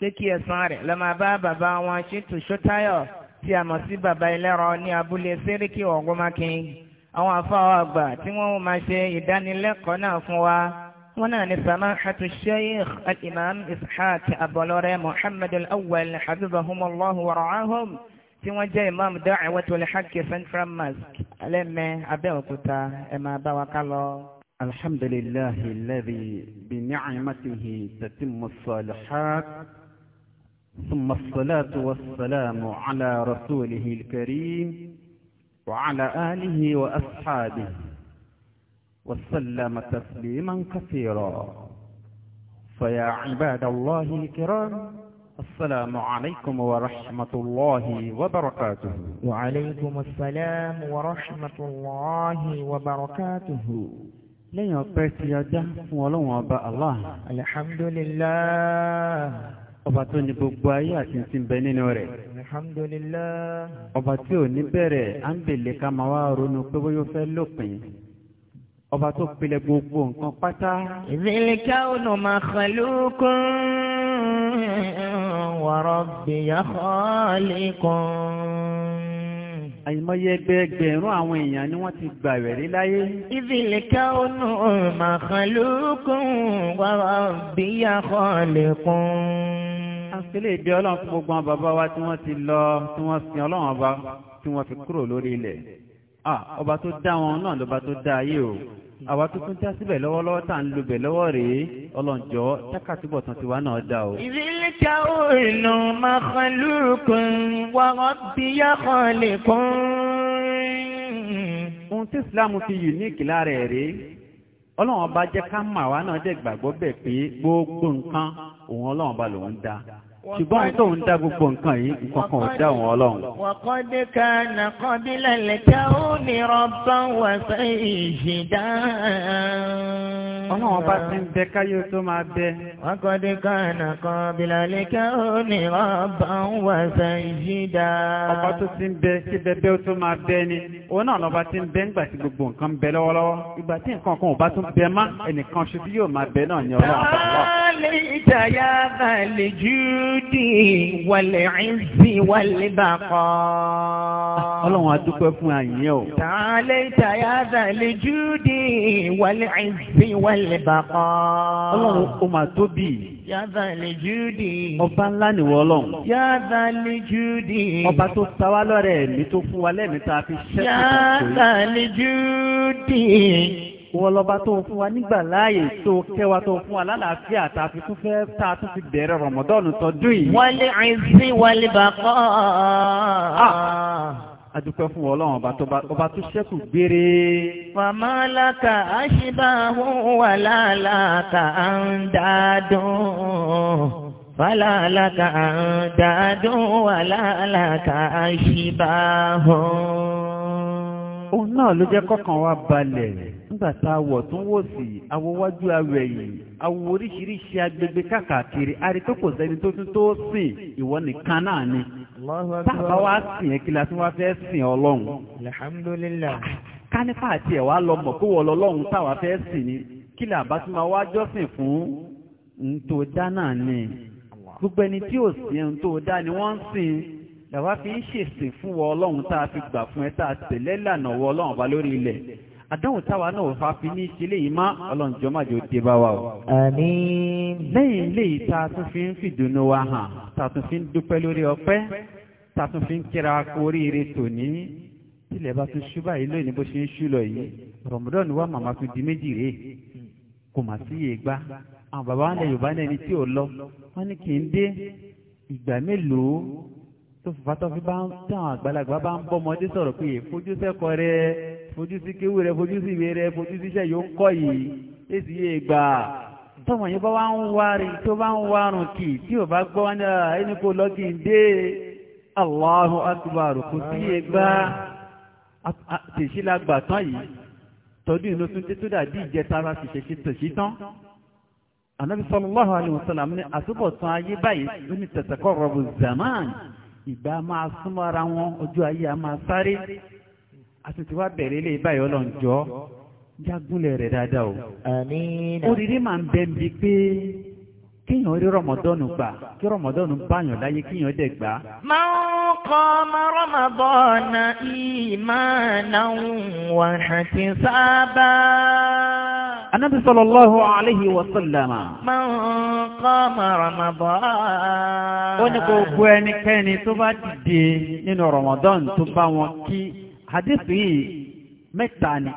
pé kí ẹ̀san rẹ̀ lọ máa bá bàbá wọn Ṣítù Ṣótáyọ̀ tí a mọ̀ sí bàbá ẹlẹ́rọ ní abúlé Séríkì Ọ̀gọ́mákin àwọn afáwọ̀ àgbà tí wọ́n máa ṣe ìdánilẹ́kọ̀ọ́ náà fún wa wọ́n náà ní samahatu sheikh al-imam ishaq abọlọ́rẹ́ muhammad al-awwal habibahumullahu wa tí wọ́n jẹ́ imam da'watul haqq central mosque alẹ́mẹ́ abẹ́òkúta ẹ̀ máa bá wa ká lọ. alhamdulillahi alladhi bi ni'matihi tatimmu salihat. ثم الصلاة والسلام على رسوله الكريم وعلى آله وأصحابه وسلم تسليما كثيرا فيا عباد الله الكرام السلام عليكم ورحمة الله وبركاته وعليكم السلام ورحمة الله وبركاته لن يبقى يده ولو أبا الله الحمد لله ọba tó ní gbogbo ayé àti ti ń bẹ nínú rẹ̀. alhamdulillah. ọba tí ò ní bẹ̀rẹ̀ à ń bèlè ká máa wá ronú pé bóyá ó fẹ́ lópin. ọba tó pilẹ̀ gbogbo nǹkan pátá. zil kawnu makhluqun wa rabbiya khaliqun àìmọye ẹgbẹẹgbẹ̀rún àwọn èèyàn ni wọ́n ti gbà rẹ̀rí láyé. ìfìlẹ̀ káwọnù màkàlùkùn wàrà bíyà kọ́ọ̀lẹ̀kùn. àṣìlẹ̀ ìbí ọlọ́run fún gbogbo àwọn bàbá wa tí wọ́n ti lọ tí wọ́n sin ọlọ́run ọba tí wọ́n fi kúrò lórí ilẹ̀. ọba tó dá wọn náà lọ́ba tó dá ayé o. Hmm. àwa tó tún já síbẹ̀ lọ́wọ́lọ́wọ́ tá à ń lo bẹ̀ lọ́wọ́ rèé ọlọ́njọ́ tákàtúbọ̀ ti wá náà dá o. ìdílẹ́ka òòlù makhlukun wa rabbiya khaliqun. ohun tí ìsìláàmù fi unique lára ẹ̀ rèé ọlọ́run ọba jẹ́ ká mọ̀ àwa náà dẹ̀ gbàgbọ́ bẹ̀ pé gbogbo nǹkan òun ọlọ́run ọba lòun dá ṣùgbọ́n tó ń dá gbogbo nǹkan yìí nǹkankan ò dá wọn ọlọ́run. وَقَدْ كَانَ قَبْلَ الْكَوْنِ رَبًّا وَسَيِّدًا. ọlọ́run bá ti ń bẹ káyọ̀ tó máa bẹ. وَقَدْ كَانَ قَبْلَ الْكَوْنِ رَبًا وَسَيِّدًا. ọba tó ti ń bẹ kí bẹbẹ tó máa bẹ ni òun náà lọ́ba ti ń bẹ ńgbà tí gbogbo nǹkan bẹ lọ́wọ́lọ́wọ́ ìgbà tí nǹkan kan ò bá tún الجود والعز والبقاء ọlọ́run adúpẹ́ fún àyẹ́ ọ̀. tààlẹ́ta yá zàlẹ̀ júdì wàlẹ̀ àìsí wàlẹ̀ bàkọ́. ọlọ́run ó máa tóbi. yá zàlẹ̀ júdì. ọba ńlá nìwọ ọlọ́run. yá zàlẹ̀ júdì. ọba tó ta wá lọ́rẹ̀ ẹ̀mí tó fún wa lẹ́mìí fi ṣẹ́kù tó zàlẹ̀ júdì ìwọ lọba tó fún wa nígbà láàyè tó kẹwa tó fún wa lálàáfíà tàbí tún fẹ́ tá a tún fi bẹ̀rẹ̀ rọ̀mọ́dọ́nù tọdún yìí. wọlé àìsí wọlé bàkọ́. a dúpẹ́ fún ọlọ́run ọba tó ọba tó ṣẹ́kù gbére. màmá làkà àṣìbáhùn wà láàlàkà à ń dáadùn. فلا لك أنداد ولا لك أشباه. Òun náà ló jẹ́ kọ́kàn wa balẹ̀ nígbà tá a wọ̀ tún wò sí awọ́wájú awẹ̀ yìí awọ oríṣiríṣi agbègbè káàkiri ari tó kò sẹ́ni tó tún tó sìn ìwọ nìkan náà ni táàbá wa sìn ẹ́ kí la tún wá fẹ́ sìn ọlọ́run. alhamdulilayi. kánífà àti ẹ̀ wá lọ mọ̀ kó wọ́n lọ́lọ́run táwa fẹ́ sìn ni kí la bá tún máa wá jọ́sìn fún ń tó dá náà ni gbogbo ẹni tí ò sí ń tó dá ni wọ́n ń sìn làwa fi ń ṣèsìn fún wọ ọlọ́run tá a fi gbà fún ẹ tá a tẹ̀lé lànà wọ ọlọ́run ọba lórí ilẹ̀ àdánwò táwa náà fa fi ní ìṣẹ̀lẹ̀ yìí má ọlọ́njọ́ má jò dé bá wa o. àmín. lẹ́yìn léyìí tá a tún fi ń fìdùnnú wa hàn tá a tún fi ń dúpẹ́ lórí ọpẹ́ tá a tún fi ń kíra kú oríire tòní tilẹ̀ bá tún ṣú báyìí lónìí bó ṣe ń ṣú lọ yìí rọ̀mọdọ́nù wa màmá tún di méjì rèé kò mà sí iye gbá àwọn bàbá wọn lẹ Yorùbá lẹni tí ò lọ wọn ní kì í dé ìgbà mélòó tó fàtọ́ fi bá ń tàn àgbàlagbà bá ń bọ́ ọmọdé sọ̀rọ̀ pé èèfojú sẹ́kọ̀ọ́ rẹ̀ fojú sí kéwù rẹ fojú sí ìwé rẹ fojú sí iṣẹ́ yóò ń kọ́ yìí èsì yé gbà tọmọ yìí bá wá ń wárin tó bá ń wárun kì tí ò bá gbọ́ wọn dára ah, ẹni kò lọ kì í dé Allahu akbar kò sí yé gbà tèṣí la gbà tán yìí tọdún ìlú tún tó dàbí ìjẹtara tìṣẹṣẹ tòṣí tán anabi sallallahu alayhi wa sallam ní àtúbọ̀tán ayé báyìí lónìí tẹ̀sẹ̀kọ́ rọ̀bù zaman ìgbà máa súnmọ́ ara wọn ojú ayé a máa sáré àti tí wàá bẹ̀rẹ̀ ilé ìbáyọ̀ ọlọ́njọ́ jágúnlẹ̀ rẹ̀ dáadáa o. oríire máa ń bẹ bíi pé kíyàn rí rọmọdọ́nù gbà kí rọmọdọ́nù báyàn láyé kíyàn dẹ̀ gbà. máa ń kọ́ ọmọ rọmọdọ́nà ìmánà wà àti sábà. Anábì sallallahu alayhi wa sallama. Máa ń kọ́ ọmọ rọmọdọ́nà. Ó ní kò gbọ́ ẹnikẹ́ni tó bá dìde nínú rọmọdọ́nù tó bá wọn kí hadith yìí mẹ́ta ni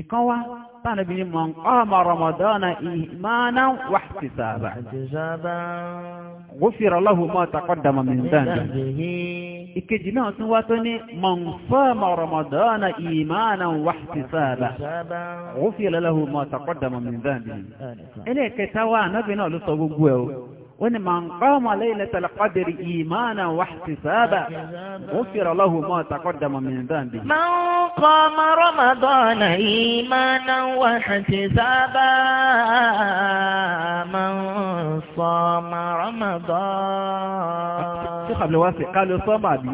ìkan wá tánàbí ni mọ̀ ń qama ramadana imanan wa ihtisaban. غفر له ما تقدم من ذنبه ìkejì náà tún wá tó ní mọ̀nfọ́mọ̀ rọmọdọ́nà ìmánà wàhtísáàbà غفر له ما تقدم من ذنبه ẹlẹ́ẹ̀kẹta wá ànábì náà ló sọ gbogbo ẹ̀ o wọ́n ní man qama laylatal qadri imanan wa ihtisaban ghufira lahu ma taqaddama min dhanbihi. man qama ramadana imanan wa ihtisaban man sama ramadana. ṣé kàbílẹ̀ wá sí kálí sọ́mà bí?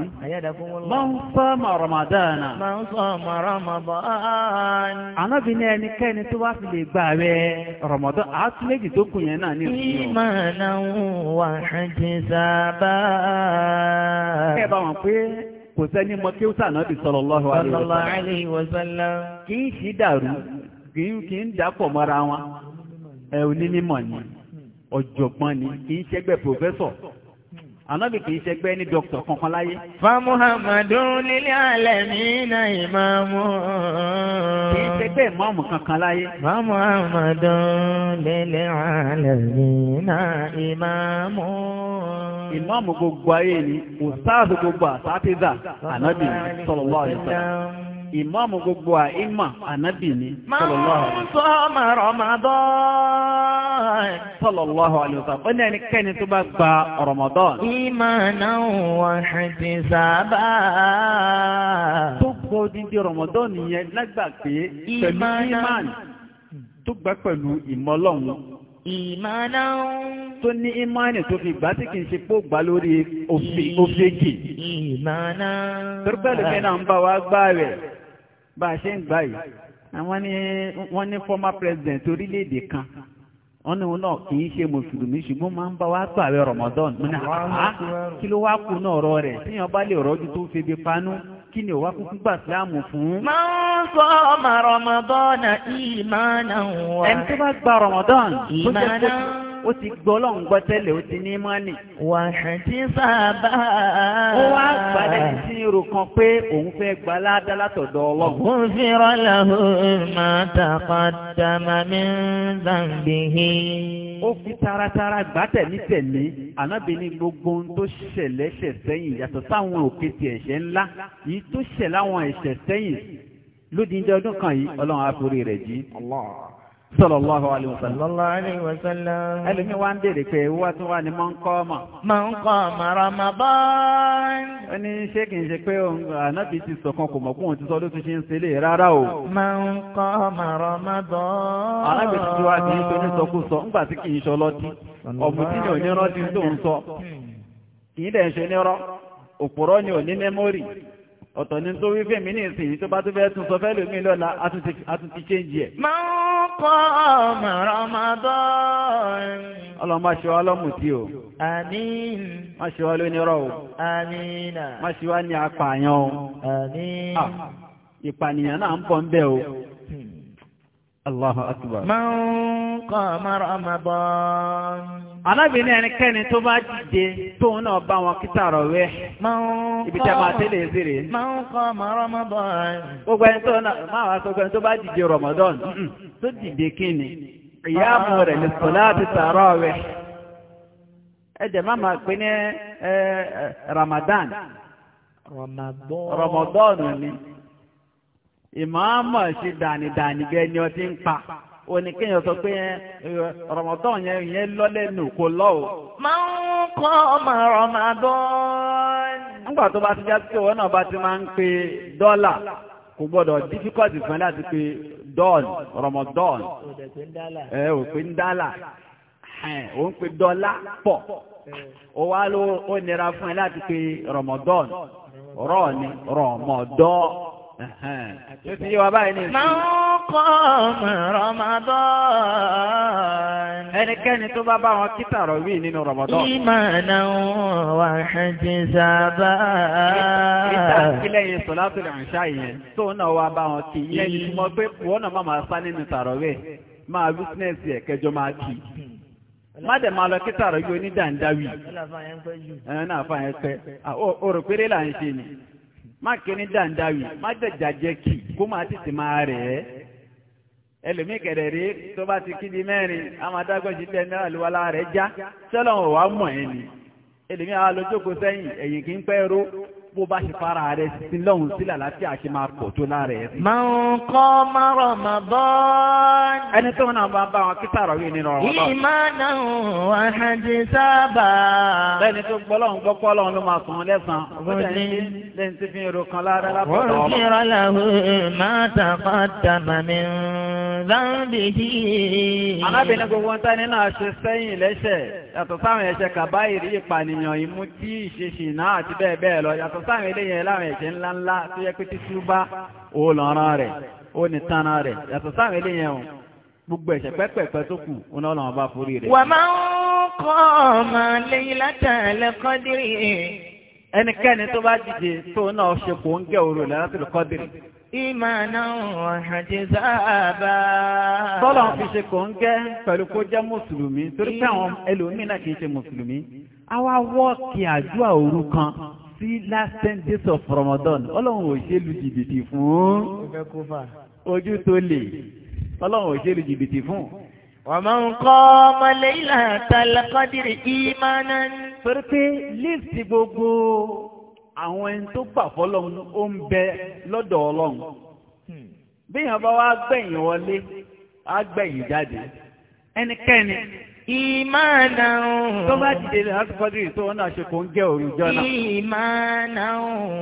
man sama ramadana. man sama ramadana. anábìnrin ẹnikẹ́ni tó wá fi lè gbà rẹ̀ ramadan àtúlẹ̀jì tó kù yẹn náà ní ìlú. imanan واحتسابا kò sẹ́ni mọ kí ó sànà bí sallallahu alaihi kì í ṣì dàrú kì í mọ́ra wọn ni ọ̀jọ̀gbọ́n ni kì ànábì kìí ṣẹgbẹ́ ní dọ́kítọ̀ kankan láyé. fa muhammadu lil alamina ìmáàmù. kìí ṣẹgbẹ́ ìmáàmù kankan láyé. fa muhammadu lil alamina ìmáàmù. ìmáàmù gbogbo ayé ni ustaz gbogbo àsátìzà ànábì sallallahu alaihi wasallam ìmáàmù gbogbo àìmọ̀ ànábì ni sallallahu alaihi wasallam ó ní ẹnikẹ́ni tó bá gba Ramadan imanan wa ihtisaba tó gbọ́ dídí Ramadan yẹn lágbà pé pẹ̀lú iman tó gbà pẹ̀lú ìmọ̀lọ́run ìmọ̀lọ́run tó ní ìmọ̀lẹ̀ tó fi gbà tí kìí ṣe pó gbà lórí òfèjì ìmọ̀lọ́run tó bẹ̀rẹ̀ mẹ́ta ń bá wa gbá rẹ̀ bá a ṣe ń gbà yìí àwọn ni wọ́n ní former president orílẹ̀-èdè kan wọ́n ní wọn náà kì í ṣe mùsùlùmí ṣùgbọ́n máa ń bá wa gbà wẹ̀ Ramadan mo ní àhá kí ló wá kú náà ọ̀rọ̀ rẹ̀ tíyan bá lè rọ́jú tó febi panú kí ni òwá kúkú gbà síláàmù fún. máa ń sọ ọmọ Ramadan ìmánà wà. ẹni tó bá gba Ramadan. ìmánà ó ti gbọ́ ọlọ́run gbọ́ tẹ́lẹ̀ ó ti ní mọ́nì. wà á ti sábà. ó wá gbàdá sí irú kan pé òun fẹ́ gba aládá látọ̀dọ̀ ọlọ́run. òun fi rọ́lá òun máa tàpá dàmà mi ń dàgbìhì. ó fi taratara gbà tẹ̀mí tẹ̀mí ànábìíní gbogbo ohun tó ṣẹlẹ̀ ṣẹ̀ sẹ́yìn yàtọ̀ sáwọn òkè ẹ̀ṣẹ̀ ńlá yìí tó ṣẹ̀ láwọn ẹ̀ṣẹ̀ sẹ́yìn lódìndé ọdún kan yìí ọlọ́run á forí rẹ̀ jí. Sallallahu alaihi wasallam. Sallallahu alaihi wasallam. wá ń dèrè pé wá tún ní ọmọ. ọmọ Ó ní ṣé kìí ṣe pé ti sọ̀kan kò mọ̀ rara o. Mọ́ ọmọ Ramadan. Ànábì ti wá ti ń torí sọ, ńgbà tí kìí ṣe ọlọ́tí. tí ní òní rántí tó ń sọ. Kìí dẹ̀ ń ṣe ní ọ̀tọ̀ ní tó wí fèmí ní ìsìn tó bá tó fẹ́ tún sọ fẹ́ lómi lọ́la àtúntí chéńjì ń kọ́ tí o. má ṣe wá lónírọ̀ o. má ṣe wá ní apààyàn o. Ah, ìpànìyàn náà ń o. Hmm. Allahu akbar. Máa ń kọ́ àmàrà Ramadan. Alábìnrin ẹnikẹ́ni tó ibi tí a máa tẹ́lẹ̀ zèrè. Máa ń kọ́ àmàrà Ramadan. Gbogbo ẹni tó náà máa wá sọ ìmọ̀ọ́mọ̀ ṣe dànìdànìgẹ́ ni ọ ń pa òní kéèyàn sọ pé rọmọdán yẹn yẹn lọ́lẹ́nu kò lọ o. máa ń kọ́ ọmọ rọmọdán. nígbà tó bá ti já sí òun náà bá ti máa ń pe dọ́là kò gbọ́dọ̀ dífíkọ́tì fún ẹ láti pe dọ́ọ̀n rọmọdán. ẹ ò pé ń dálà ò ń pe dọ́là pọ̀ ó wá ló ó nira fún ẹ láti pe rọmọdán rọ ni rọmọdán. E ti wa báyìí ní ìsìn. Máa ń kọ́ ọmọ Ramadan. Ẹnikẹ́ni tó bá bá wọn kíta rọ̀ wí nínú Ramadan. Ìmọ̀nà wà ṣẹ́jì sábà. Kíta yẹn sọ̀lá tó lè ṣá yẹn. Tó náà wá bá wọn kì í. ni mo pé wọ́n náà máa sá nínú Máa bísínẹ́sì ẹ̀ kẹjọ máa kì í má dẹ̀ máa lọ kíta yóò ní náà fà yẹn pẹ́. ó rò má kíní dàndáwì má jẹjàjẹ kì kó máa tètè máa rẹ̀ ẹ́ ẹlòmíì kẹ̀dẹ̀ rí tó bá ti kídi mẹ́rin àwọn adágbọ́sí tẹ ní àlùwalá rẹ̀ já sọ́lọ́wọ̀n wàá mọ̀ ẹ́ ni ẹlòmíì àwọn alójókòó sẹ́yìn ẹ̀yìn kì í pẹ́ ró bó bá ṣe fara rẹ̀ sí lọ́hùn sílẹ̀ láti àṣẹ máa pọ̀ tó lára ẹ̀ sí. máa ń kọ́ márọ̀ mà bọ́. ẹni tó náà bá bá wọn kí sàrọ̀ yìí nínú ọ̀rọ̀ bá. ìmá náà àhàjì sábà. lẹ́ni tó gbọ́ lọ́hùn gbọ́ pọ́ lọ́hùn ló máa sùn lẹ́sàn-án. lẹ́ni tí fi èrò kan lára lápò tọ́. wọ́n kíra làwọn máa tàkọ́ tàmà zambihi. arábìnrin gbogbo yàtọ̀ sáwọn eléyẹn láwọn ẹ̀jẹ̀ ńláńlá tó yẹ pé títúbá ó lọ́rán rẹ̀ ó ní tánà rẹ̀ yàtọ̀ sáwọn eléyẹn o gbogbo ẹ̀ṣẹ̀ pẹ́pẹ̀pẹ́ tó kù ó náà lọ́wọ́ bá forí rẹ̀. wà máa ń kọ́ ọmọ lẹ́yìn látàlẹ́ kọ́dírì. ẹnikẹ́ni tó bá dìde tó náà ṣe kò ń gẹ òru látàlẹ́ kọ́dírì. ìmọ̀nà àjẹsà bá. tọ́lọ̀ fi ṣe kò ń gẹ́ pẹ̀lú kó jẹ́ mùsùlùmí torí pé àwọn ẹlòmíì kì í ṣe mùsùlùmí. àwa wọ́ọ̀kì àdúrà òru kan sí last ten days of Ramadan ọlọ́run ò ṣe lu jìbìtì fún ojú tó lè ọlọ́run ò ṣe lu jìbìtì fún. ومن قام ليلة القدر إيمانا torí pé líìsì gbogbo àwọn ẹni tó gbà fọlọ́run ó ń bẹ lọ́dọ̀ ọlọ́run hmm. bí èèyàn bá wá gbẹ̀yìn wọlé á gbẹ̀yìn jáde ẹnikẹ́ni. Ìmánà òun. Tó bá dìde lè láti fọ́dí ìtò wọn náà ṣe kò ń jẹ́ òrùjọ náà. Ìmánà òun.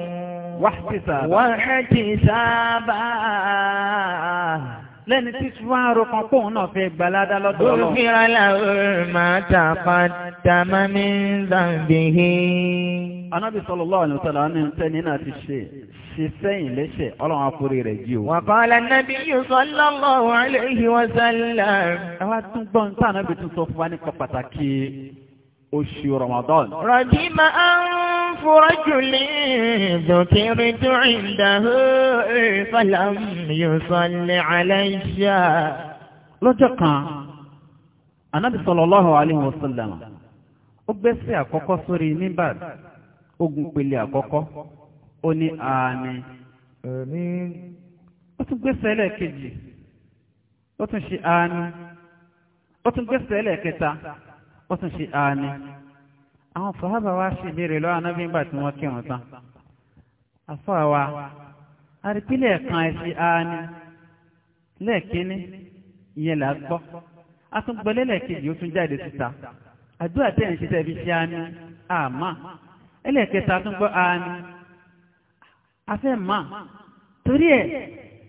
Wáhátì sábà. Wáhátì sábà lẹ́ni tí ṣúwárò kan kóhun náà fẹ́ gbalada lọ́dọ̀ ọlọ́run. ó fíra láwùrán máa tàpá dàmá mi ń zàǹbìhì. anábì sallallahu alaihi wasallam ní tẹ́ni náà ti ṣe ṣe sẹ́yìn lẹ́ṣẹ̀ ọlọ́run àforí rẹ̀ jí o. wa qala an-nabiyyu sallallahu alaihi wasallam. ẹ wá tún gbọ́n tánàbì tún sọ fún wa nípa pàtàkì oṣù Ramadan. Rọ̀dímà ń fúrọ́jù lè dọ̀kẹ́rẹ́ tó ìdáhó ìfàlàm yóò sọlẹ̀ aláìṣà. Lọ́jọ́ kan, Anábì sallallahu alayhi wa sallam, ó gbẹ́sẹ̀ àkọ́kọ́ sórí níbà ogun pele àkọ́kọ́, ó ní àmín. Ó tún gbẹ́sẹ̀ ẹlẹ́ẹ̀kejì, ó tún ṣe àmín, ó tún gbẹ́sẹ̀ ẹlẹ́ẹ̀kẹta. ó tún ṣe àání àwọn sàhábà wá sí ìbéèrè lọ́wọ́ anábì ńgbà tí wọ́n kírun tán afọ́ àwa àrípílẹ̀ kan ẹ̀sìn àání lẹ́ẹ̀kínní ìyẹn là á gbọ́ a tún gbọ́ lẹ́lẹ́kejì ó tún jáde síta àdúrà tẹ̀ ń ṣiṣẹ́ ibi ṣe àání àmà ẹlẹ́ẹ̀kẹta tún gbọ́ àání afẹ́ mà torí ẹ̀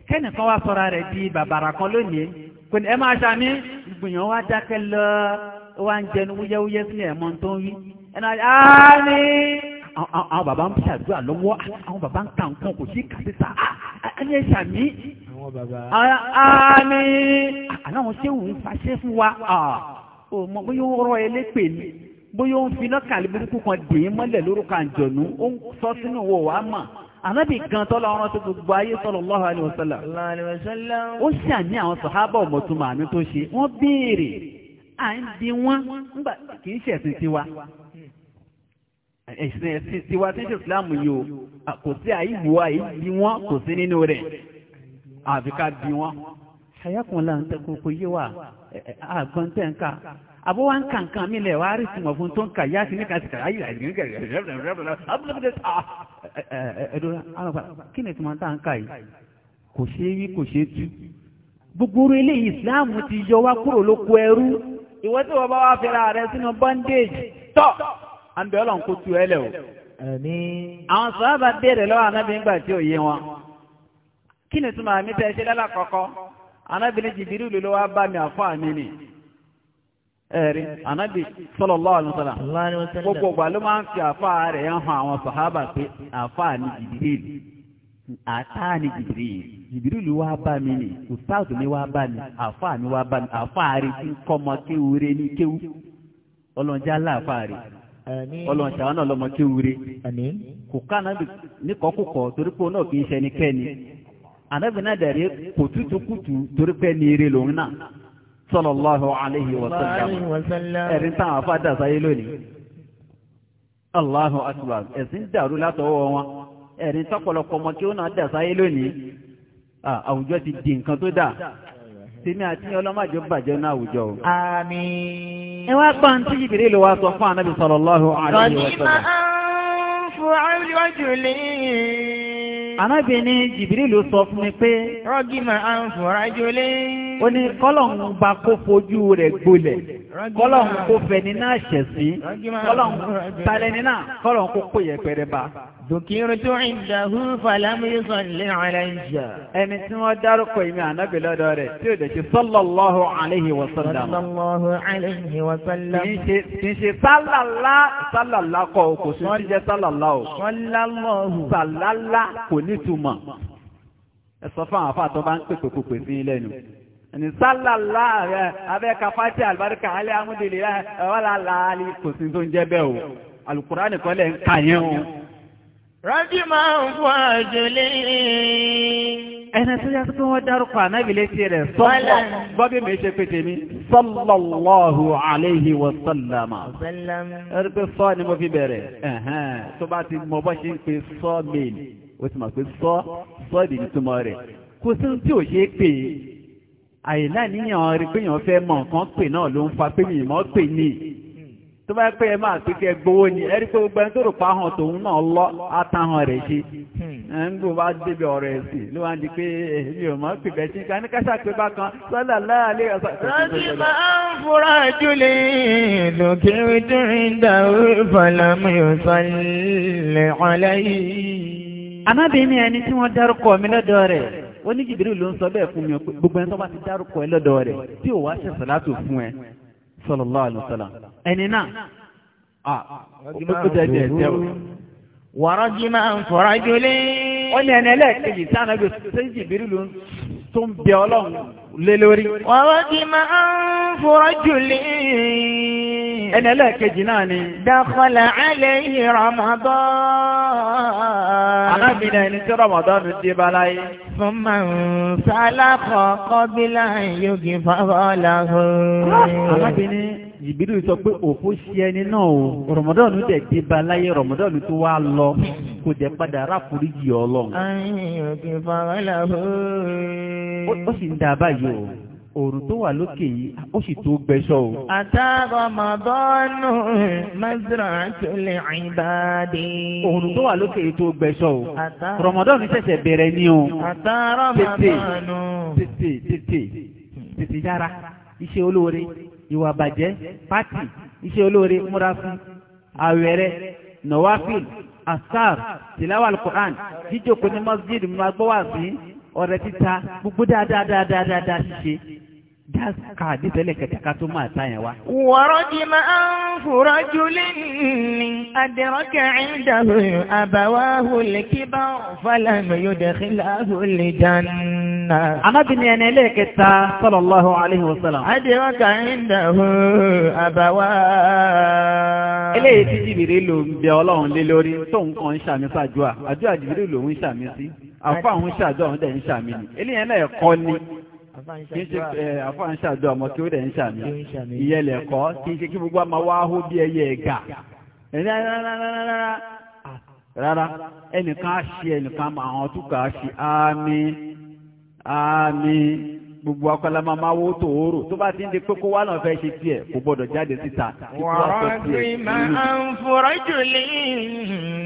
kẹ́nìkan wá sọra rẹ̀ di bàbàrà kan lónìí kò ní ẹ máa ṣàní ìgbìyànjú wá dákẹ́ lọ́ọ́ ó wá ń jẹnu wúyẹ́wúyẹ́ sí ẹ̀mọ́ tó ń wí ẹ̀nà àárí àwọn bàbá ń ṣàdúrà lọ́wọ́ àwọn bàbá ń ka nǹkan kò sí kàtìsà ah, ah, ẹni ẹ ṣàmì àárí àláwọn ah, ṣéwù ń faṣẹ́ fún wa ó mọ bóyá ó rọ elépè ni bóyá ó ń fi lọ́kàlì burúkú kan dè é mọ́lẹ̀ lórúkọ àjọ̀nú ó ń sọ sínú wo wàá mọ̀ ànábì gan tọ́lọ ọ̀rọ̀ tó gbogbo ayé sallallahu alaihi wasallam ó ṣàní àwọn sàhábà ọ̀mọ̀túnmọ̀ àmì tó ṣe wọ́n béèrè à ń di wọ́n nígbà kì í ṣẹ̀sìn tiwa ẹ̀sìn ẹ̀sìn tiwa tí ń ṣe ìsìláàmù yìí o kò sí àìwò àìdí wọ́n kò sí nínú rẹ̀ àfi ká bí wọ́n. ṣayákùn la ń tẹkun kò yé wa àgbọn tẹ̀ ń kà wa ń kà nǹkan mi lẹ̀ wá rí tìmọ̀ fún tó ń kà yá sí ní kàtí kà ayé àìsàn kẹrẹ ẹdọra àwọn kí ni tìmọ̀ tá ń kà yìí kò ṣeé wí kò ṣeé tú gbogbo eléyìí ìsìláàmù ti yọ wá kúrò lóko ẹrú. ìwọ tí wọ́n bá wá fẹ́ra rẹ sínú bondage tọ́ àǹbí ọlọ́run kò tu o. àwọn sọ́ọ́bà béèrè lọ́wọ́ anábì ńgbà tí ò yé wọn. kí ni túmọ̀ àmì tẹ́ ṣe lálàkọ́kọ́ anábì ní jìbìrì ìlú ló bá mi àfọ́ àmì ni. ẹ̀rí gbogbo ìgbà ló máa ń fi àfọ́ hàn àwọn sàhábà àtàní Jibril bá mi ni ustaz mi wá bá mi àfa mi wá bá mi àfa rí tí kọ́mọ kéwu rẹ ní kéwu ọlọ́njẹ́ aláàfà rí ọlọ́njẹ́ àwọn náà lọ́mọ kéwu kò ká náà níkọ̀ọ́kùkọ̀ torí pé òun náà kì í ṣẹnikẹ́ni ànábì náà dẹ̀ kò tútù kùtù torí pé ní eré lòun náà sallallahu alayhi lónìí ẹ̀sìn ẹ̀rí tọ́pọ̀lọpọ̀ ọmọ kí ó náà dàsáyé lónìí àwùjọ ti di nǹkan tó dà tèmi àti ọlọ́màjọ bàjẹ́ náà àwùjọ. àmín. ẹ wá gbọ́ ní tí jìbìrì ló wá sọ fún anábì sallallahu alaihi wa Anábì ní jìbìrì sọ fún mi pé. rọ́gìmọ̀ àǹfọ̀rájọ́lé. ó ní kọ́lọ̀ ń ba kó fojú rẹ̀ gbolẹ̀ kọ́lọ̀hún kó fẹni náà ṣẹ̀ sí kọ́lọ̀hún talẹ́ni náà kọ́lọ̀hún kó kó yẹpẹrẹ bá. dùkìrì tó ń dàhú fàlámìlì sọ̀lẹ̀ àlàyé. ẹni tí wọ́n dárúkọ ìmí ànábì lọ́dọ̀ rẹ̀ tí ó dẹ̀ ṣe sallallahu alaihi wa sallam. sallallahu alaihi wa sallam. kì í ṣe sálàlá kọ kò sí ti sálàlá o. sálàlá kò ni sálàlá rẹ̀ eh, abẹ́ka fati albarka alẹ́ amúdìlẹ̀ rẹ̀ wọ́lá láàlì kò sí tó ń jẹ́ bẹ́ẹ̀ o alukura nìkan lẹ̀ ń kà yẹn o. rọ́bì máa ń fọ àjòlè. ẹni tó yẹ kí wọ́n dárúkọ ànábì létí rẹ̀ sọ́lọ́ gbọ́bí mi ṣe pété mi sallallahu alayhi wa sallama. ẹni pé sọ́ ni mo fi bẹ̀rẹ̀ tó bá ti mọ bọ́ ṣe ń pe sọ́ mi o ti mọ̀ pé sọ́ sọ́ ìdí ìtumọ̀ rẹ̀ kò sí tí ò ṣe pè é àyìnlá níyàn rí pé yàn fẹ́ mọ nǹkan pè náà ló ń fa pé mi pè ní tó bá pẹ́ ẹ máa pé kẹ gbowó ni ẹ rí pé gbogbo ẹni tó rò pa hàn tòun náà lọ àtàhàn rẹ̀ ṣe ẹ ń gbò bá débi ọ̀rọ̀ ẹ̀sìn ló wá di pé èmi eh, ò mọ̀ pè bẹ́ẹ̀ sí ká ní kásá pé bákan sọ́là láàlẹ́ ọ̀sán. láti máa ń fura jùlẹ̀ lókè dùn dàrú ìfọ̀lámù ìfọ̀lẹ̀ ọ̀lẹ́yìn. anábìíní ó ní jìbìrì ló ń sọ bẹ́ẹ̀ fún mi gbogbo ẹni tó bá ti dárúkọ ẹ lọ́dọ̀ rẹ̀ tí ò wá ṣe sàlátù fún ẹ sallallahu alaihi ẹni náà ó tẹ̀lé ẹ̀ tẹ́ o. wọ́rọ́ jí máa ń fọ́ra jólé. ó ní ẹni ẹlẹ́ẹ̀kejì tí àná gbé sẹ́yìn ló ń tó ń bẹ ọlọ́run lé lórí. wọ́rọ́ jí máa ń fọ́ra jólé ẹni ẹlẹ́ẹ̀kejì náà ni. Dakhala alayhi Ramadan. Alábìnrin ẹni tí Ramadan dé bá láyé. Thumma salaqa qabla an yughfara lahu. Alábìnrin ah, ìbílú sọ pé òfó ṣe ẹni náà o. Ramadan dẹ̀ dé bá láyé Ramadan tó wá lọ kò jẹ́ padà ráforíjì Ọlọ́run. An yughfara lahu. Ó sì ń dá báyìí o òòrùn tó wà lókè yìí ó sì tó gbẹ́ṣọ́ o. àtàrọ mọ̀dọ́nù mazratul ibadi. òòrùn tó wà lókè yìí tó gbẹ́ṣọ́ o. rọmọdọ́nù ṣẹ̀ṣẹ̀ bẹ̀rẹ̀ ni o. àtàrọ mọ̀dọ́nù. tètè tètè tètè yára iṣẹ́ olóore ìwà bàjẹ́ pátì iṣẹ́ olóore múra fún àwẹ̀rẹ̀ nawafil asar tilawa alukur'an jíjókòó ní masjid mi máa gbọ́ wá sí ọ̀rẹ́ títa gbogbo dáadáa dáadáa dáadáa ṣiṣẹ́ káàdì tẹ́lẹ̀ kẹta ká tó máa táyẹ̀ wá. wọ́rọ̀ jí máa ń fura jùlí ní adẹ́rọ́kẹ́ ìdáhù àbáwá hulẹ̀ kí bá fàlànà yóò dẹ̀kílá hulẹ̀ dáná. anábìnrin ẹni ẹlẹ́ẹ̀kẹta sallallahu alaihi wasallam. adẹ́rọ́kẹ́ ìdáhù àbáwá. eléyìí tí jìbìrì ló ń bẹ ọlọ́run lé lórí tó nǹkan ń ṣàmì sájúà àjọ àjìbìrì lòun ń ṣàmì sí àfọ àwọn ṣàjọ àwọn dẹ̀ ń ṣàmì ni eléyìí ẹlẹ́ẹ̀kọ́ ni kí ṣe àfà ń ṣàdúrà kí ó dẹ̀ ń ṣàmì ìyẹlẹ̀ kọ́ kí ṣe kí gbogbo àmọ́ wáá hó bí ẹyẹ ẹ̀gà rárá ẹnìkan á ṣe ẹnìkan àwọn túkà á ṣe àmín àmín gbogbo akọ́lá máa máa wó tòóró tó bá ti ń di pé kó wá náà fẹ́ ṣe tiẹ̀ kò gbọ́dọ̀ jáde síta. wọ́n ti máa ń fura jù lé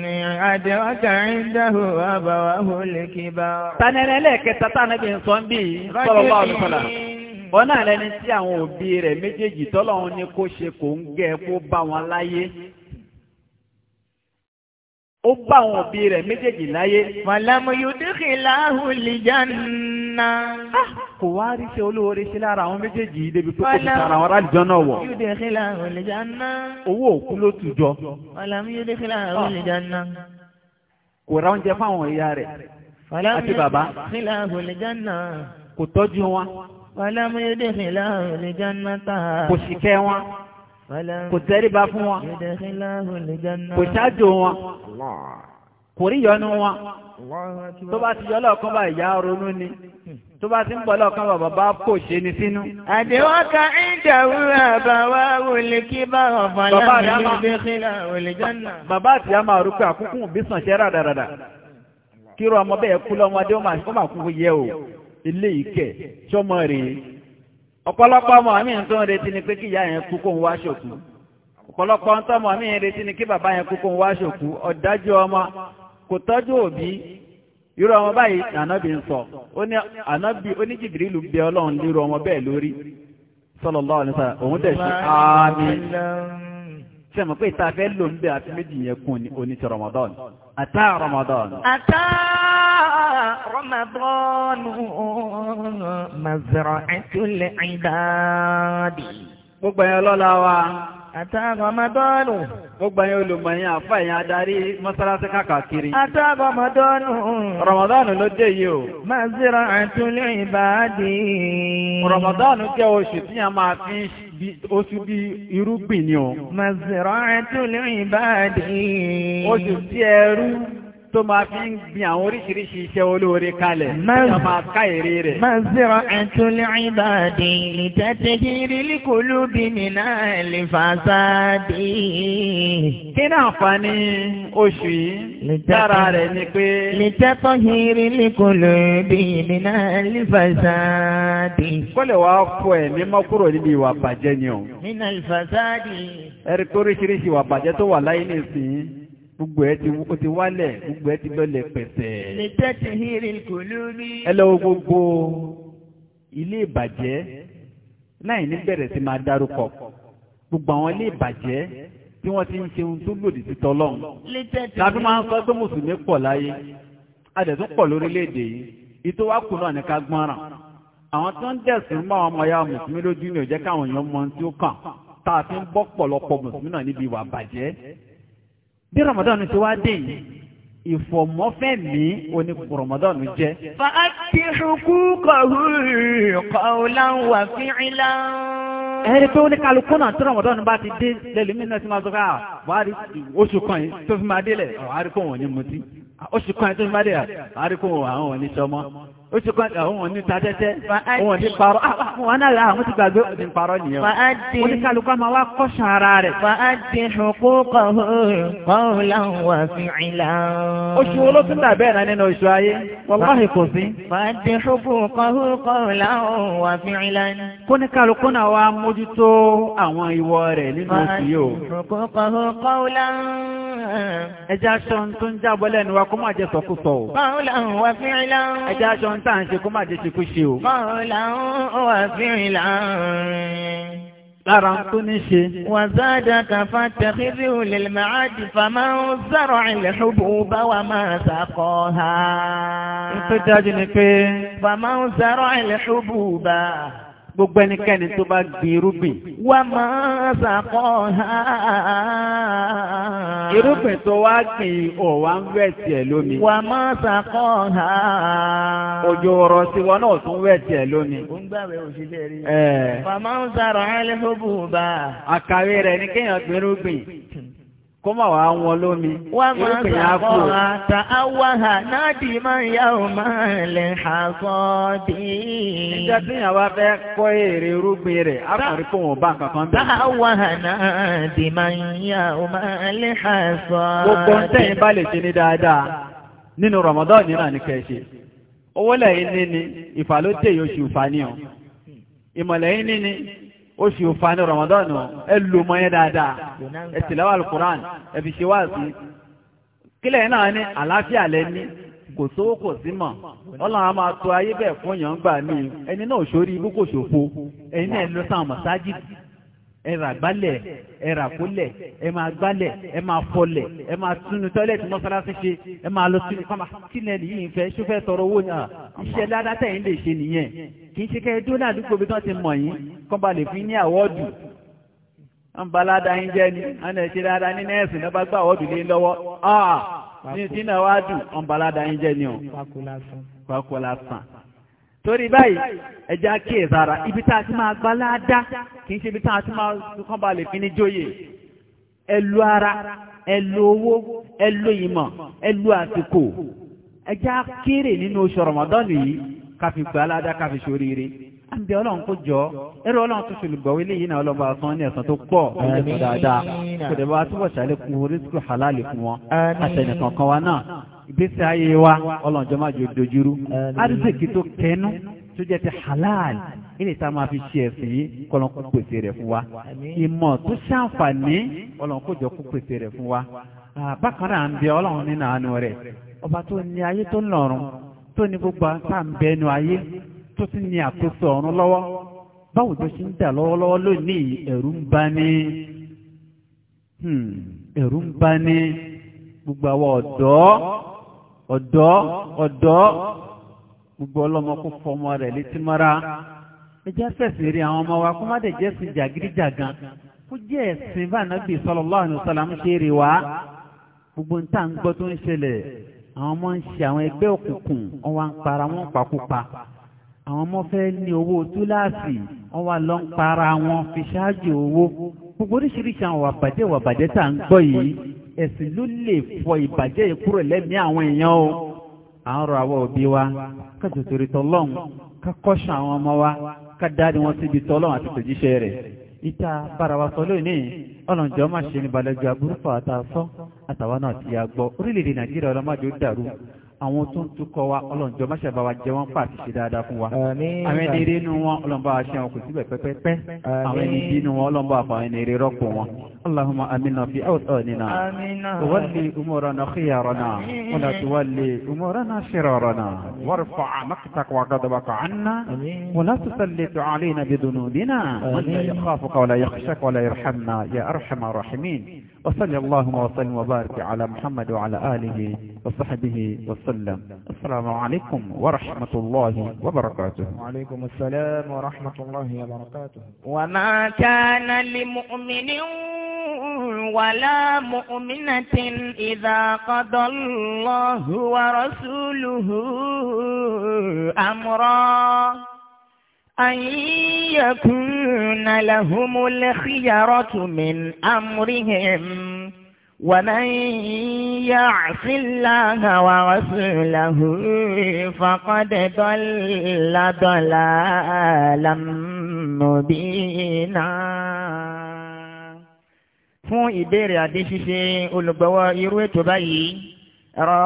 ní àdéhùn sọ̀rọ̀ bá olùkọ́lá wọn náà lẹni tí àwọn òbí rẹ̀ méjèèjì tọ́lọ́run ní kó ṣe kò ń gẹ́ kó bá wọn láyé ó bá àwọn òbí rẹ̀ méjèèjì láyé. Fàlámù yòdìkì láhù lìjánná. Ah, kò wá rí ṣe olóore ṣe lára àwọn méjèèjì débi pé kò fi tara àwọn aráàlùjọ náà wọ̀. Yòdìkì láhù lìjánná. Owó òkú ló tù jọ. Fàlámù yòdìkì ah. láhù lìjánná. Kò ra oúnjẹ fáwọn ìyá rẹ̀ àti bàbá. Kò tọ́jú wọn. Fàlámù yòdìkì láhù lìjánná Kò sì kẹ́ wọn kò tẹ́ríba fún wọn kò ṣáájú wọn kò rí yọnu wọn tó bá ti yọlọ kan bá ìyá ronú ni tó bá ti ń bọ̀ lọ́kàn bàbá bá kò ṣe ni sínú. àdéwọ́ká ìdàrú àbáwá olè kí bá ọ̀fà láàrin ilé sílá olè jọ́nà. bàbá àti àmà àrùkọ àkúkù bí sàn ṣẹ́ rádaràdà kí irú ọmọ bẹ́ẹ̀ kú lọ́mọdé ó máa kú yẹ o ilé ìkẹ́ sọmọ rèé ọ̀pọ̀lọpọ̀ ọmọ mi ń tó ń retí ni pé kí ìyá yẹn kú kó ń wá ṣòkú ọ̀pọ̀lọpọ̀ ń tọ́mọ mi ń retí ni kí bàbá yẹn kú kó ń wá ṣòkú ọ̀dájú ọmọ kò tọ́jú òbí irú ọmọ báyìí ànábì ń sọ ànábì oníjìbìrìlù bẹ ọlọ́run lérò ọmọ bẹ́ẹ̀ lórí sallallahu alaihi wasallam òun dẹ̀ ṣe àmín sẹ́mi pé ìta fẹ́ lò ń bẹ àti méjì yẹn kún ní oníṣẹ́ Ramadan Àtá Ramadan. Àtá Ramadan mazra'atul ibadi. Gbogbo ẹ̀yọ́ lọ́la wa. Àtàgọmọdọ́nù. Gbogbo ẹ̀yin olùmọ̀yìn àfà ẹ̀yin adarí mọ́sálásí káàkiri. Àtàgọmọdọ́nù. Rọ̀mọ̀dọ́nù ló dé yìí o. Máa zíra àtúnlé ìbáàdì. Rọ̀mọ̀dọ́nù jẹ́ oṣù tí a máa fi oṣù bí irúgbìn ni o. Máa zíra àtúnlé ìbáàdì. Oṣù tí ẹrú tó máa fi ń gbin àwọn oríṣiríṣi iṣẹ́ olóore kalẹ̀ tó máa ká èrè rẹ̀. Màzíra ẹ̀tún lè ìbàdí ìtẹ́tẹ́ kiri líkolú bí nínà lè fàṣàdé. Kí ni àǹfààní oṣù yìí? Dára rẹ̀ ni pé. Lìtẹ́tọ́ kiri líkolú bí nínà lè fàṣàdé. Kó lè wá fọ ẹ̀mí mọ́ kúrò níbi ìwà bàjẹ́ ni o. Nínà ìfàṣàdé. Ẹ̀rí kó oríṣiríṣi ìwà bàjẹ́ tó wà láyé nìsín gbogbo ẹ ti wálẹ̀ gbogbo ẹ ti lọlẹ̀ pẹ̀sẹ̀. lè tẹ́tẹ̀ hírin kò lórí. ẹ lọ gbogbo ilé ìbàjẹ́ láì ní bẹ̀rẹ̀ sí máa dárúkọ gbogbo àwọn ilé ìbàjẹ́ tí wọ́n ti ń ṣe ohun tó lòdì sí tọ́lọ́run. lè tẹ́tẹ̀ tàbí máa ń sọ pé mùsùlùmí pọ̀ láyé adẹ̀tún pọ̀ lórílẹ̀‐èdè yìí ìtò wa kùnà ní ká gbọ́nràn àwọn tó ń dẹ̀sùn mọ́ àwọn ọmọ mùsùlùmí lójú ní ó jẹ́ káwọn èèyàn mọ ohun tí ó kàn tá a fi ń bọ́ pọ̀lọpọ̀ mùsùlùmí náà níbi ìwà bàjẹ́ bí Ramadan ti wá dé yìí ìfọ̀mọ́fẹ́ mi oní Ramadan jẹ́. fa ti ṣukú kọ̀hú qawlan wa fi'lan. ẹ̀rí pé oníkàlùkù náà tí Ramadan bá ti dé lẹ́lùmí náà ti máa sọ́kà ah, wàárí oṣù kan yìí tó fi máa délẹ̀ àárí kò wọ́n ní mutí oṣù kan yìí tó fi máa délẹ̀ àárí kò wọ́n àwọn oníṣọ́mọ́ ó ti kọ́ àwọn ní tàtẹ́tẹ́ wọn ti parọ́ ah, ah, wọn náà àwọn ti gbàgbé òdí parọ́ nìyàn wọn ní kálùkọ́ ma wá kọ́ṣàn ara rẹ̀ fàájì huquqahu qawlan wa fi'lan oṣù olóṣù tàbẹ́ rẹ̀ nínú oṣù ayé wallahi kò sí kó ní kálùkọ́ náà wá mójútó àwọn ìwọ rẹ̀ nínú oṣù yóò ẹjá aṣọ tó ń jábọ́ lẹ́nu wa kó má jẹ́ sọkúsọ ń tà ń ṣe kó má jẹ́ ṣekú ṣe o. Kọ́ọ̀lá ń wà fírin láàrin lára tó ní ṣe. Wàzádà kàfà tẹ̀kírí olèlè máa di fàmà ń sọ̀rọ̀ ilẹ̀ ṣubú bá wà máa sàkọ́ ha. Ó tó dájú ni pé. Fàmà ń sọ̀rọ̀ ilẹ̀ ṣubú bá. gbogbo ẹnikẹ́ni tó bá gbin irúgbìn. wà á máa sàkọ́ ha. irúgbìn tó wá gbìn ọ̀wá ń wẹ̀ tiẹ̀ lómi. wà á máa sàkọ́ ha. òjò ọ̀rọ̀ tiwọn náà tún wẹ̀ tiẹ̀ lómi. ó ń gbàgbé òṣìṣẹ́ rí. ẹ̀ẹ́. fàmọ́ ń sàrọ̀ ẹ́ lẹ́fọ́ àkàwé rẹ̀ kéèyàn kó máa wá wọn lómi. wá máa sàkọ́ náà máa yá o máa lè ha sọ dé. ìjọ tí yàn bá fẹ́ kọ́ èrè irúgbìn rẹ̀ á kàn rí bá ha náà ha sọ gbogbo ń bá lè ṣe ní dáadáa nínú Ramadan ni yóò ni oṣù òfààní rọmọdọ́nù ẹ lò mọ́ yẹn dáadáa ẹ tìlẹ́wà alukuran ẹ fi ṣe wáàsí kílẹ̀ náà ní àlàáfíà lẹ́ni kò sówó kò sí mọ̀ ọlọ́run a máa tò ayé bẹ́ẹ̀ fún yàn gbà mí ẹni náà ṣorí ibú kò ṣòfò ẹni náà lọ sáwọn mọ̀sájìdì ẹ ra gbálẹ̀ ẹ ra kólẹ̀ ẹ máa gbálẹ̀ ẹ máa fọlẹ̀ ẹ máa túnú tọ́lẹ̀tì mọ́sálásí ṣe ẹ máa lọ túnú fáma kí lẹ nìyí ń fẹ́ ṣó fẹ́ tọrọ owó náà iṣẹ́ ládàtà yìí lè ṣe nìyẹn kì í ṣe kẹ́ dúró náà dúpọ̀ bí wọ́n ti mọ̀ yín kọ́ ba lè fi ní àwọ́dù wọ́n ba ládàá yín jẹ́ ni wọ́n lè ṣe dáadáa ní nẹ́ẹ̀sì náà bá gbà àwọ́dù lé lọ́wọ́ ní tí náà wá dùn wọ́n ba ládàá yín jẹ́ ni torí báyìí ẹja kíyè sára ibi tá a ti máa gbá láàdá kì í ṣe ibi tá a ti máa kán ba lè fi ní jóyè ẹlú ara ẹlú owó ẹlú ìmọ̀ ẹlú àsìkò ẹja kéré nínú oṣù Ramadan yìí káfí gbá láàdá káfí ṣoríire àǹdẹ Ọlọ́run kò jọ ẹrú Ọlọ́run tó ṣolùgbọ wílé yìí náà Ọlọ́run bá san ní ẹ̀san tó pọ̀ ẹ̀san dáadáa kò dẹ̀ bá túbọ̀ ṣàlékún orí sùkúrù fún wọn àtẹnìkọ̀ọ̀kan wa náà ìgbésí ayé wa ọlọ́njọ́ máa jò dojúrú arísèkì tó kẹnu tó jẹ́ ti halal ilé tá fi ṣe ẹ̀sìn yìí kọ́lọ́n pèsè rẹ̀ fún wa ìmọ̀ tó ṣàǹfààní jọ kó pèsè rẹ̀ fún wa bákan náà ń bẹ ọlọ́run nínú àánú rẹ̀ ọba tó ní ayé tó ń tó ní gbogbo ń ayé tó sì ní àkóso ọ̀run lọ́wọ́ báwo ló ṣe ń dà lọ́wọ́lọ́wọ́ lónìí ẹ̀rù hmm, gbogbo àwọn ọ̀dọ́ ọ̀dọ́ ọ̀dọ́ gbogbo ọlọ́mọ kó fọmọ rẹ̀ létí mọ́ra ẹjẹ́ fẹ̀sẹ̀ rí àwọn ọmọ wa kó má dẹ̀ jẹ́ sí jàgídíjàgan kó jẹ́ ẹ̀sìn bá nàbì sallallahu alaihi wasallam ṣe rí wa gbogbo ń tà ń gbọ́ tó ń ṣẹlẹ̀ àwọn ọmọ ń ṣe àwọn ẹgbẹ́ òkùnkùn wọn wá ń para wọn pàkópa àwọn ọmọ fẹ́ ní owó túláàsì wọn wá lọ ń para wọn fi ṣáájú owó gbogbo oríṣiríṣi àwọn wàbàjẹ́ wàbàjẹ́ tà ń gbọ́ yìí ẹ̀sìn ló lè fọ ìbàjẹ́ ìkúrò lẹ́mí àwọn èèyàn o à ń rọ àwọn òbí wa ká tòtòrì tọlọ́hún ká kọ́ṣà àwọn ọmọ wa ká dáàdì wọn síbi tọlọ́hún àti tòjíṣẹ́ rẹ̀ ìta bára ní àtàwọn náà ti àwọn tó ń tukọ̀ wa ọlọ́njọ́ má ṣàbá wa jẹ́ wọ́n pa àti ṣe dáadáa fún wa. àwọn ẹni eré inú wọn ọlọ́nba wa ṣe àwọn kò síbẹ̀ pẹ́pẹ́pẹ́. àwọn ẹni ibi inú wọn ọlọ́nba wa àwọn ẹni eré rọ́pò wọn. اللهم آمنا في أوطاننا وولي أمورنا خيارنا ولا تولي أمورنا شرارنا وارفع مقتك وغضبك عنا ولا تسلط علينا بذنوبنا من لا يخافك ولا يخشك وصلى اللهم وسلم وبارك على محمد وعلى آله وصحبه وسلم السلام عليكم ورحمة الله وبركاته وعليكم السلام ورحمة الله وبركاته وما كان لمؤمن ولا مؤمنة إذا قضى الله ورسوله أمرا أن يكون لهم الخيرة من أمرهم ومن يعص الله ورسوله فقد ضل ضلالا مبينا fún ìbéèrè àdé ṣíṣe olùgbọ́wọ́ irú ètò báyìí ẹ̀rọ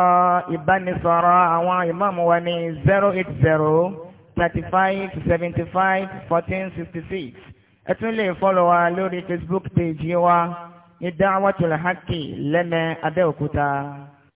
ìbánisọ̀rọ̀ àwọn ìmáàmù wa ní zero eight zero thirty five seventy five fourteen sixty six ẹ tún lè fọ́lọ̀ wa lórí Facebook page wa ní Da'watul Haqqi lẹ́mẹ̀ẹ́ Abẹ́òkúta.